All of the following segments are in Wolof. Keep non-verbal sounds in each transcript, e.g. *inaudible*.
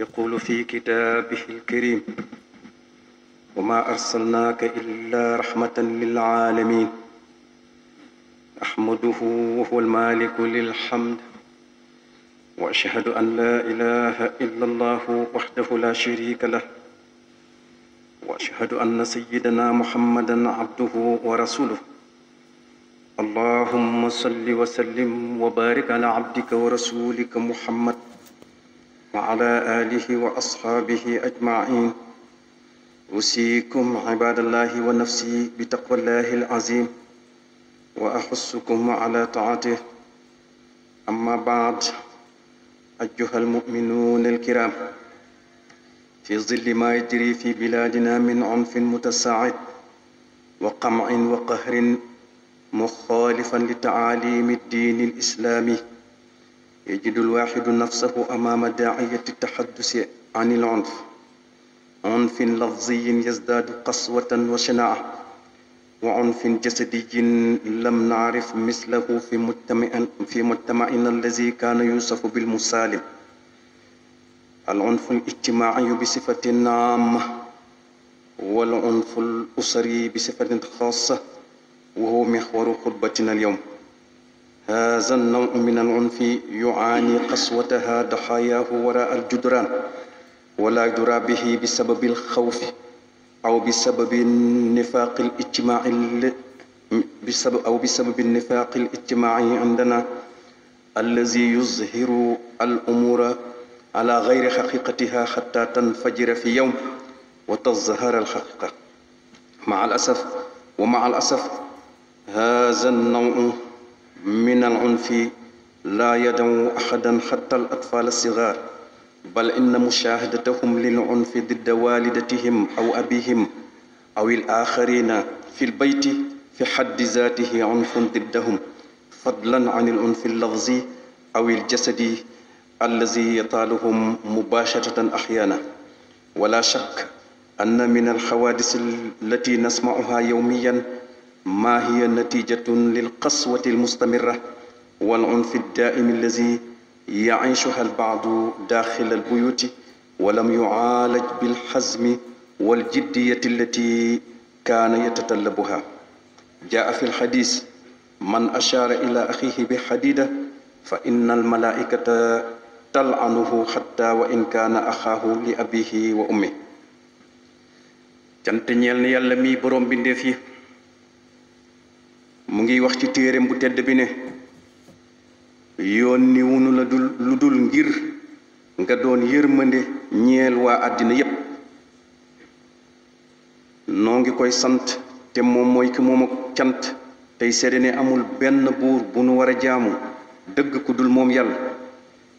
يقول في كتابه الكريم وما أرسلناك إلا رحمة للعالمين أحمده وهو المالك للحمد وأشهد أن لا إله إلا الله وحده لا شريك له وأشهد أن سيدنا محمدا عبده ورسوله اللهم صل وسلم وبارك على عبدك ورسولك محمد وعلى آله وأصحابه أجمعين أوصيكم عباد الله ونفسي بتقوى الله العظيم وأحثكم على طاعته أما بعد أيها المؤمنون الكرام في ظل ما يجري في بلادنا من عنف متساعد وقمع وقهر مخالفا لتعاليم الدين الإسلامي يجد الواحد نفسه أمام داعية التحدث عن العنف عنف لفظي يزداد قسوة وشناعة وعنف جسدي لم نعرف مثله في مجتمع في مجتمعنا الذي كان يوصف بالمسالم العنف الاجتماعي بصفة عامة والعنف الأسري بصفة خاصة وهو محور خطبتنا اليوم هذا النوع من العنف يعاني قسوتها ضحاياه وراء الجدران ولا يدرى به بسبب الخوف أو بسبب النفاق الاجتماعي بسبب أو بسبب النفاق الاجتماعي عندنا الذي يظهر الأمور على غير حقيقتها حتى تنفجر في يوم وتظهر الحقيقة مع الأسف ومع الأسف هذا النوع من العنف لا يدعو أحدا حتى الأطفال الصغار بل إن مشاهدتهم للعنف ضد والدتهم أو أبيهم أو الآخرين في البيت في حد ذاته عنف ضدهم فضلا عن العنف اللفظي أو الجسدي الذي يطالهم مباشرة أحيانا ولا شك أن من الحوادث التي نسمعها يوميا ما هي نتيجة للقسوة المستمرة والعنف الدائم الذي يعيشها البعض داخل البيوت ولم يعالج بالحزم والجدية التي كان يتطلبها جاء في الحديث من أشار إلى أخيه بحديدة فإن الملائكة تلعنه حتى وإن كان أخاه لأبيه وأمه جنتني ñeel na yàlla mi mu ngi wax ci téereem bu tedd bi ne yoon ni la dul lu dul ngir nga doon yërmande ñeel waa àddina yépp noo ngi koy sant te moom mooy ki moom ak cant tey seede amul benn buur bu nu war a jaamu dëgg ku dul moom yàlla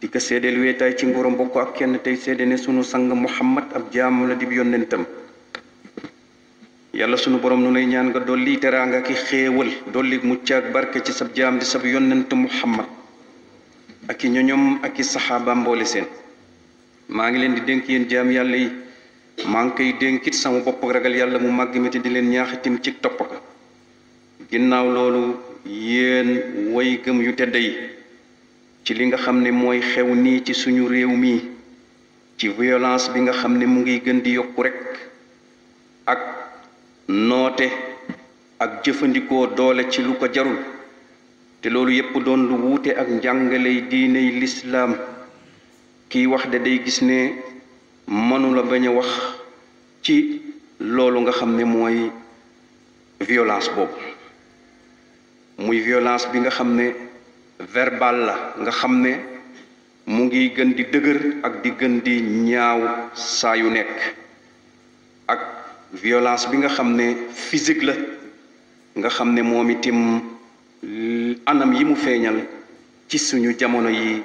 di ko seedeel weetaay ci nguuram mbokk ak kenn tey seede sunu sang muhammad ab jaamu la dib yonentam yalla sunu borom nu lay ñaan nga dolli teranga ki xéewal doli mucc ak barke ci sab di sab yonent muhammad ak ñoñom ak sahaba mbolé sen ma ngi leen di denk yeen jaam yalla yi ma ngi koy denkit sama bop ragal yalla mu mag mi di leen ñaaxitim ci top ka ginnaw lolu yeen way gëm yu tedd yi ci li nga xamne moy xew ni ci suñu mi ci violence bi nga xamne mu ngi gën di rek noote ak jëfandikoo doole ci lu ko jarul te loolu yépp doon lu wuute ak njàngale diine lislaam kiy wax de day gis ne mënula bañ a wax ci loolu nga xam ne mooy violence boobu muy violence bi nga xam ne verbal la nga xam ne mu ngi gën di dëgër ak di gën di ñaaw saa yu nekk violence bi nga xamné physique la nga xamné ne anam yi mu feeñal ci suñu jamono yi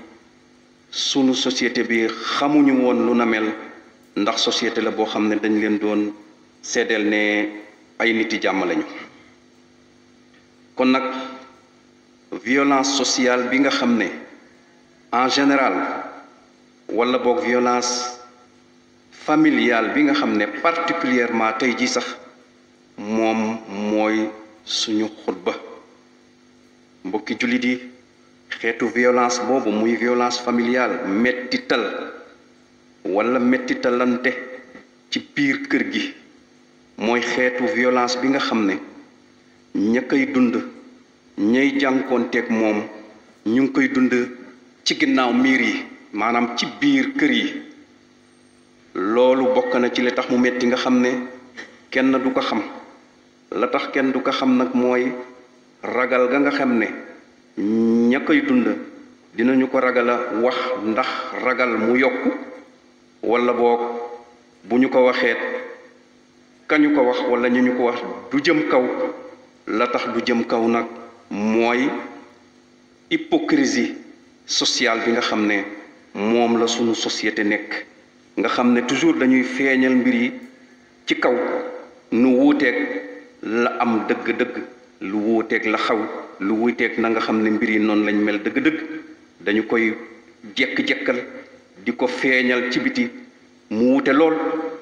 suñu société bi xamuñu won lu na ndax société la bo xamné ne dañ leen doon sédel ne ay niti lañu kon violence sociale bi nga xamné en général wala bok violence familial bi nga xam ne particulièrement tey ji sax moom mooy suñu xutba mbokki jullit yi xeetu violence boobu muy violence familiale mettital wala mettitalante ci biir kër gi mooy xeetu violence bi nga xam ne ña koy dund ñay jànkoonteeg mom ñu koy dund ci ginnaaw miir yi ci kër yi loolu bokk na ci li tax mu metti nga xam ne kenn du ko xam la tax kenn du ko xam nag mooy ragal ga nga xam ne ña koy dund dinañu ko ragala wax ndax ragal mu yokk wala boog bu ñu ko waxeet kañu ko wax wala ñu ñu ko wax du jëm kaw la tax du jëm kaw nag mooy hypocrisie sociale bi nga xam ne moom la sunu societé nekk nga xam ne toujours dañuy feeñal mbir yi ci kaw nu wuuteeg la am dëgg-dëgg lu wuuteeg la xaw lu wuuteeg na nga xam ne mbir yi noonu lañ mel dëgg-dëgg dañu koy jekk-jekkal di ko feeñal ci biti mu wuute lool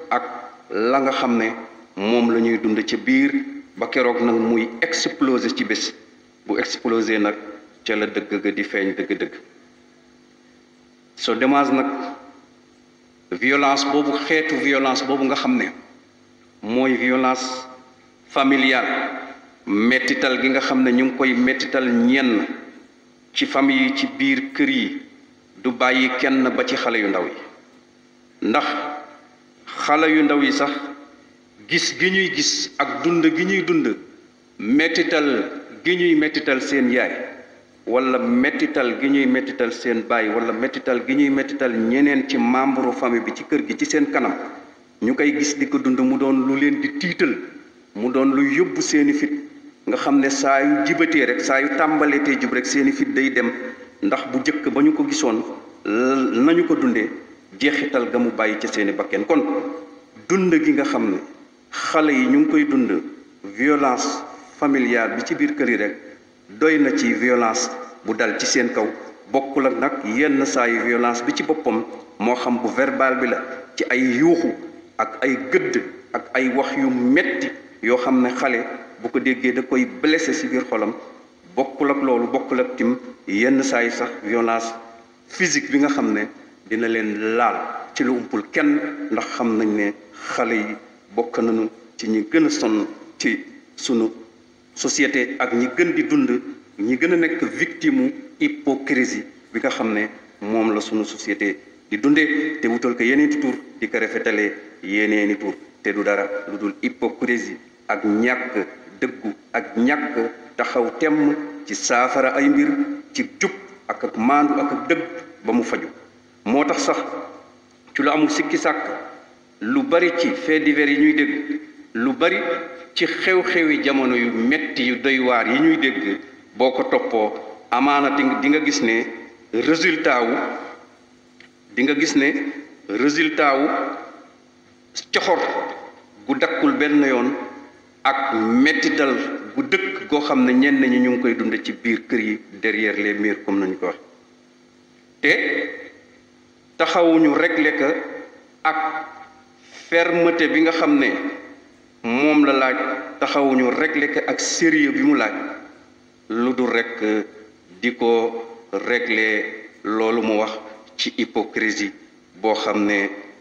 ak la nga xam ne moom la ñuy dund ca biir ba keroog nag muy explosé ci bés bu exploser nag ca la dëgg di feeñ dëgg-dëgg Sodemaas nag violence boobu xeetu violence boobu nga xam ne mooy violence familiale mettital gi nga xam ne ñu ngi koy mettital ñenn ci famille yi ci biir kër yi du bàyyi kenn ba ci xale yu ndaw yi ndax xale yu ndaw yi sax gis gi ñuy gis ak dund gi ñuy dund mettital gi ñuy mettital seen yaay wala méttital gi ñuy méttital seen baay wala méttital gi ñuy méttital ñeneen ci membre famille bi ci kër gi ci seen kanam ñu koy gis di ko dund mu doon lu leen di tiital mu doon lu yóbbu seeni fit nga xam ne saa yu jibatee rek saa yu tàmbalee tey jub rek seeni fit day dem ndax bu jëkk ba ñu ko gisoon nañu ko dundee jeexital ga mu bàyyi ca seeni bakken kon dund gi nga xam ne xale yi ñu ngi koy dund violence familiale bi ci biir kër yi rek doy na ci violence bu dal ci seen kaw bokkul ak nag yenn saa yu violence bi ci boppam moo xam bu verbal bi la ci ay yuuxu ak ay gëdd ak ay wax yu metti yoo xam ne xale bu ko déggee da koy blessé si biir xolam bokkul ak loolu bokkul ak tim yenn saa yi sax violence physique bi nga xam ne dina leen laal ci lu umpul kenn ndax xam nañ ne xale yi bokk nañu ci ñi gën a sonn ci sunu société ak ñi gën di dund ñi gën a nekk victime hypocrisie bi nga xam ne moom la sunu société di dundee te wutal ko yeneeni tur di ko rafetalee yeneeni tur te du dara lu dul hypocrisie ak ñàkk dëggu ak ñàkk taxaw temm ci saafara ay mbir ci jub ak ak maandu ak dëgg ba mu faju moo tax sax ci lu amul sikki sàkk lu bari ci faits divers yi ñuy dégg lu bari ci xew-xewi jamono yu metti yu doy yi ñuy dégg boo ko toppoo amaana di nga gis ne résultat wu nga gis ne résultat wu coxor gu dakkul benn yoon ak mettital bu dëkk goo xam ne ñenn ñi ñu ngi koy dund ci biir kër yi derrière les murs comme nañu ko te taxawuñu rekk ko ak fermeté bi nga xam ne moom la laaj taxawuñu régler ko ak sérieux bi mu laaj lu dul rek di ko régler loolu mu wax ci hypocrisie boo xam ne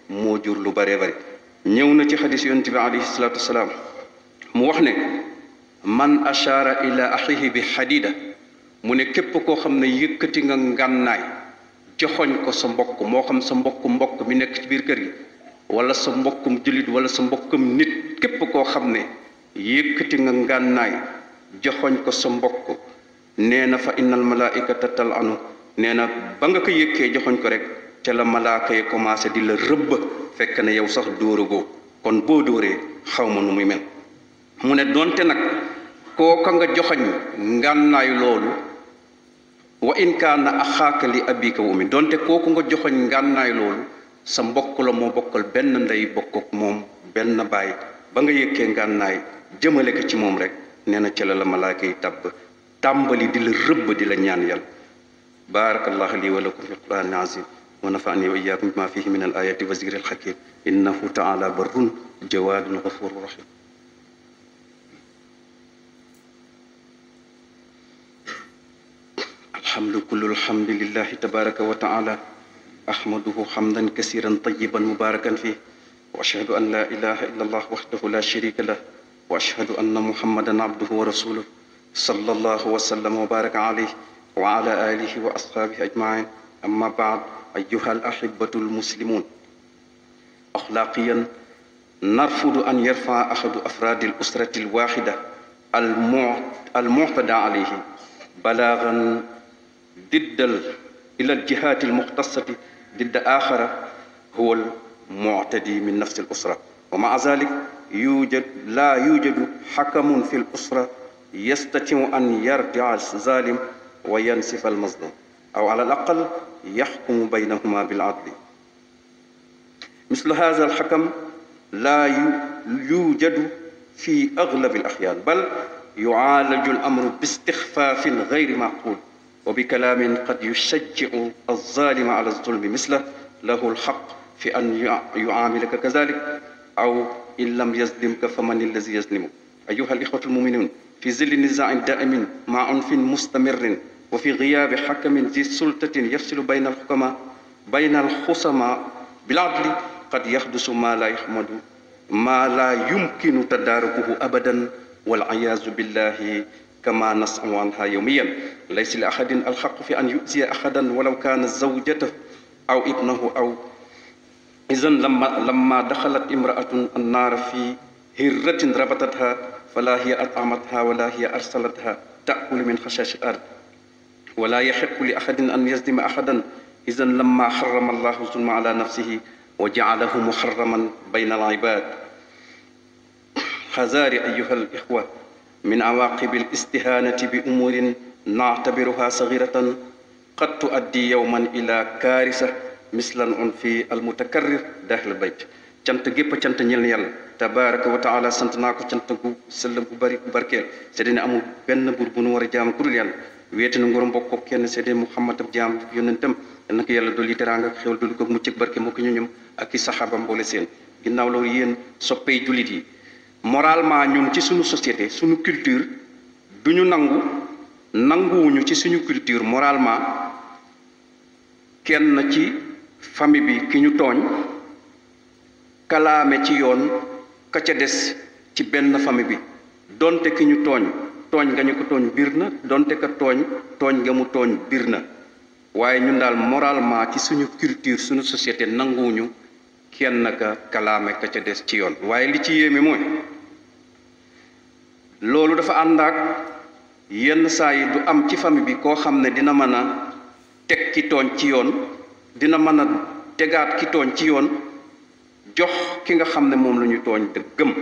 moo jur lu bare bare ñëw na ci xadis yonent bi alayhi salaatu mu wax ne man ashaara ila axihi bi xadiida mu ne képp koo xam ne yëkkati nga ngànnaay joxoñ ko sa mbokk moo xam sa mbokk mbokk mi nekk ci biir kër gi wala sa mbokkum jullit wala sa mbokkum nit képp koo xam ne yëkkati nga ngànnaay joxoñ ko sa mbokk nee na fa innal malaikata tal anu nee na ba nga ko yëkkee joxoñ ko rek ca la malaaka yi commencé di la rëbb fekk na yow sax dóoragoo kon boo dóoree xaw ma nu muy mel mu ne doonte nag kooka nga joxoñ ngànnaay loolu wa in kaana axaaka li abika wa mi doonte kooku nga joxoñ ngànnaay loolu sa mbokk la moo bokkal benn ndey bokk moom benn baay ba nga yëkkee ngànnaay jëmale ko ci moom rek nee na ca la la malaaka yi tàbb tàmbali di la rëbb di la ñaan yàlla baarakallahu lii wa lakum fi quraan azim wa nafaani wa iyaakum bima fihi min al ayati wa zikril hakim innahu taala barrun jawaadun gafuru rahim alhamdu kullu alhamdu lillahi tabaraka wa taala أحمده حمدا كثيرا طيبا مباركا فيه وأشهد أن لا إله إلا الله وحده لا شريك له وأشهد أن محمدا عبده ورسوله صلى الله وسلم وبارك عليه وعلى آله وأصحابه أجمعين أما بعد أيها الأحبة المسلمون أخلاقيا نرفض أن يرفع أحد أفراد الأسرة الواحدة المعتدى عليه بلاغا ضد إلى الجهات المختصة ضد آخر هو المعتدي من نفس الأسرة ومع ذلك يوجد لا يوجد حكم في الأسرة يستطيع أن يرجع الظالم وينسف المظلوم أو على الأقل يحكم بينهما بالعدل مثل هذا الحكم لا يوجد في أغلب الأحيان بل يعالج الأمر باستخفاف غير معقول وبكلام قد يشجع الظالم على الظلم مثله له الحق في أن يعاملك كذلك أو إن لم يظلمك فمن الذي يظلمك أيها الإخوة المؤمنون في ظل نزاع دائم مع عنف مستمر وفي غياب حكم ذي سلطة يفصل بين الحكماء بين الخصماء بالعدل قد يحدث ما لا يحمد ما لا يمكن تداركه أبدا والعياذ بالله كما نسمع عنها يوميا ليس لأحد الحق في أن يؤذي أحدا ولو كان زوجته أو ابنه أو إذا لما لما دخلت امرأة النار في هرة ربطتها فلا هي أطعمتها ولا هي أرسلتها تأكل من خشاش الأرض ولا يحق لأحد أن يظلم أحدا إذا لما حرم الله الظلم على نفسه وجعله محرما بين العباد حذاري أيها الإخوة من عواقب الاستهانة بأمور نعتبرها صغيرة قد تؤدي يوما إلى كارثة مثل في المتكرر داخل البيت تانت جيب تانت نيل تبارك وتعالى سنتناكو تانت جو سلم بري بركيل سيدنا أمو بن نبور بنور جام كل يال ويت نعورم بكو كيان سيدنا محمد جام ينتم أنك يال دولي ترانغ خيول دولي كم تجيب بركي ممكن يوم أكيد صحابم بولسين إن أولو يين سبي جولي دي moralement ñun ci suñu société suñu culture du ñu nangu nanguwuñu ci suñu culture moralement kenn ci famille bi ki ñu tooñ kalaame ci yoon ka ca des ci benn famille bi donte ki ñu tooñ tooñ nga ñu ko tooñ biir na donte ka tooñ tooñ nga mu tooñ biir na waaye ñun daal moralement ci suñu culture suñu société nanguwuñu kenn ka kalaame ka ca des ci yoon waaye li ci yéeme mooy loolu dafa ànd ak yenn saa yi du am ci famille bi koo xam ne dina mën a teg ki tooñ ci yoon dina mën a tegaat ki ci yoon jox ki nga xam ne moom lañu ñu tooñ te gëm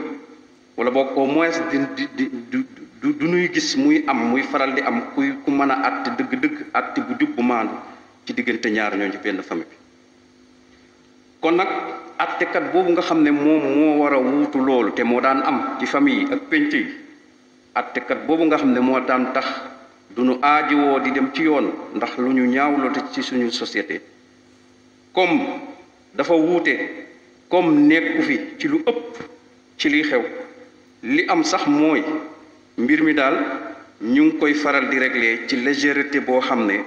wala boog au moins ñuy gis muy am muy faral di am kuy ku mën a àtte dëgg-dëgg àtte bu jub bu maandu ci diggante ñaar ñooñu ci benn famille bi kon nag attekat boobu nga xam ne moom moo war a wuutu loolu te moo daan am ci famille yi ak pénc yi attekat boobu nga xam ne moo daan tax du ñu aajowoo di dem ci yoon ndax lu ñu ñaaw te ci suñu société comme dafa wuute comme nekku fi ci lu ëpp ci liy xew li am sax mooy mbir mi daal ñu ngi koy faral di régler ci légèreté boo xam ne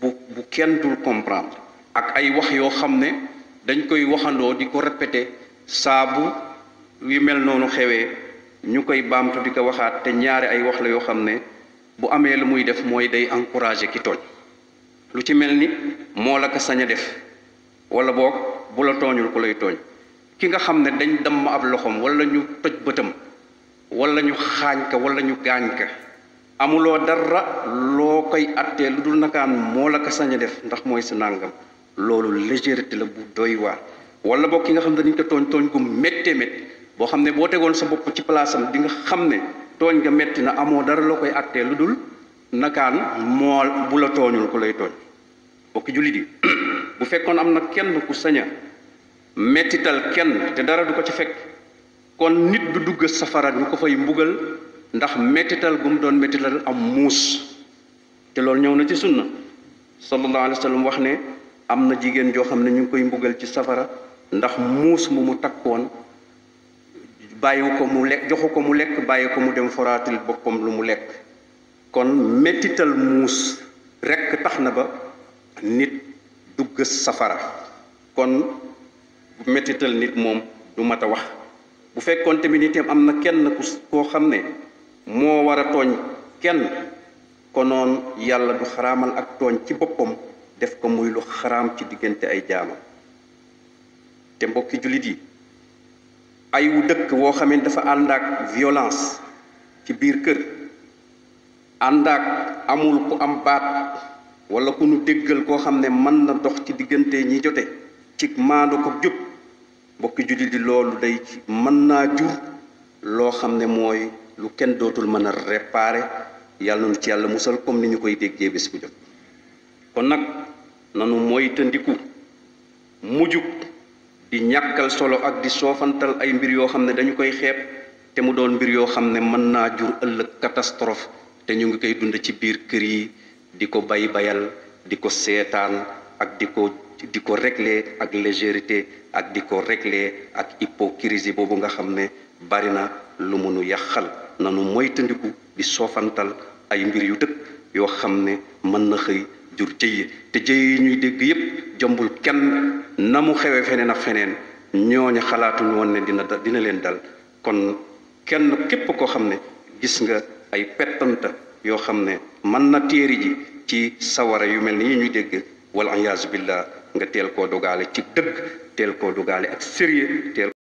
bu bu kenn dul comprendre ak ay wax yoo xam ne dañ koy waxandoo di ko répété saabu wi mel noonu xewee ñu koy baamtu di ko waxaat te ñaari ay wax la yoo xam ne bu amee lu muy def mooy day encouragé ki tooñ lu ci mel ni moo la ko sañ a def wala boog bu la tooñul ku lay tooñ ki nga xam ne dañ damm ab loxoom wala ñu toj bëtam wala ñu xaañ ka wala ñu gaañ ka amuloo dara loo koy attee lu dul nakaan moo la ko sañ a def ndax mooy sa nàngam loolu légèreté la bu doy wa wala bokk ki nga xam ne dañ ko tooñ tooñ ko méttee métti boo xam ne boo tegoon sa bopp ci place am di nga nga na amo dara la koy attee lu dul nakaan moo bu la tooñul ku lay tooñ juli di. yi *clears throat* bu fekkoon am na kenn ku saña tal kenn te dara du ko ci fekk kon nit du dugg safara ñu ko fay mbugal ndax tal gum doon mettital am muus te loolu ñëw na ci sunna sallallahu alayhi wa wax ne am na jigéen joo xam ne ñu ngi koy mbugal ci safara ndax muus mu mu takkoon bàyyi ko mu lekk joxu ko mu lekk bàyyi ko mu dem foraatil boppam lu mu lekk kon mettital muus rekk tax na ba nit du gës safara kon mettital nit moom du mat a wax bu fekkoon tamit nit am na kenn ku koo xam ne moo war a tooñ kenn konoon yàlla du xaraamal ak tooñ ci boppam def ko muy lu xaram ci diggante ay jaamam te mbokki jullit yi ay wu dëkk woo xam ne dafa ànd ak violence ci biir kër ànd ak amul ku am baat wala ku nu déggal koo xam ne mën na dox ci diggante ñi jote ci maandu ko jub mbokki jullit yi loolu day mën naa jur loo xam ne mooy lu kenn dootul mën a réparer yàlla na ci yàlla musal comme ni ñu koy déggee bés bu jot kon nag nanu moytandiku mujjug di ñàkkal solo ak di soofantal ay mbir yoo xam ne dañu koy xeeb te mu doon mbir yoo xam ne mën naa jur ëllëg catastrophe te ñu ngi koy dund ci biir kër yi di ko bay bayal di ko seetaan ak di ko di ko régler ak légèreté ak di ko regle ak hypocrisie boobu nga xam ne bari na lu mënu yàqal nanu moytandiku di soofantal ay mbir yu tëkk yoo xam ne mën na xëy jur jëye te jëye yi ñuy dégg yépp jombul kenn na mu xewee feneen ak feneen ñooñu xalaatuñu woon ne dina dal dina leen dal kon kenn képp koo xam ne gis nga ay pettanta yoo xam ne mën na téere ji ci sawara yu mel ni yi ñuy dégg wala ayaasu billah nga teel koo dogaale ci dëgg teel koo dogaale ak sérieux teel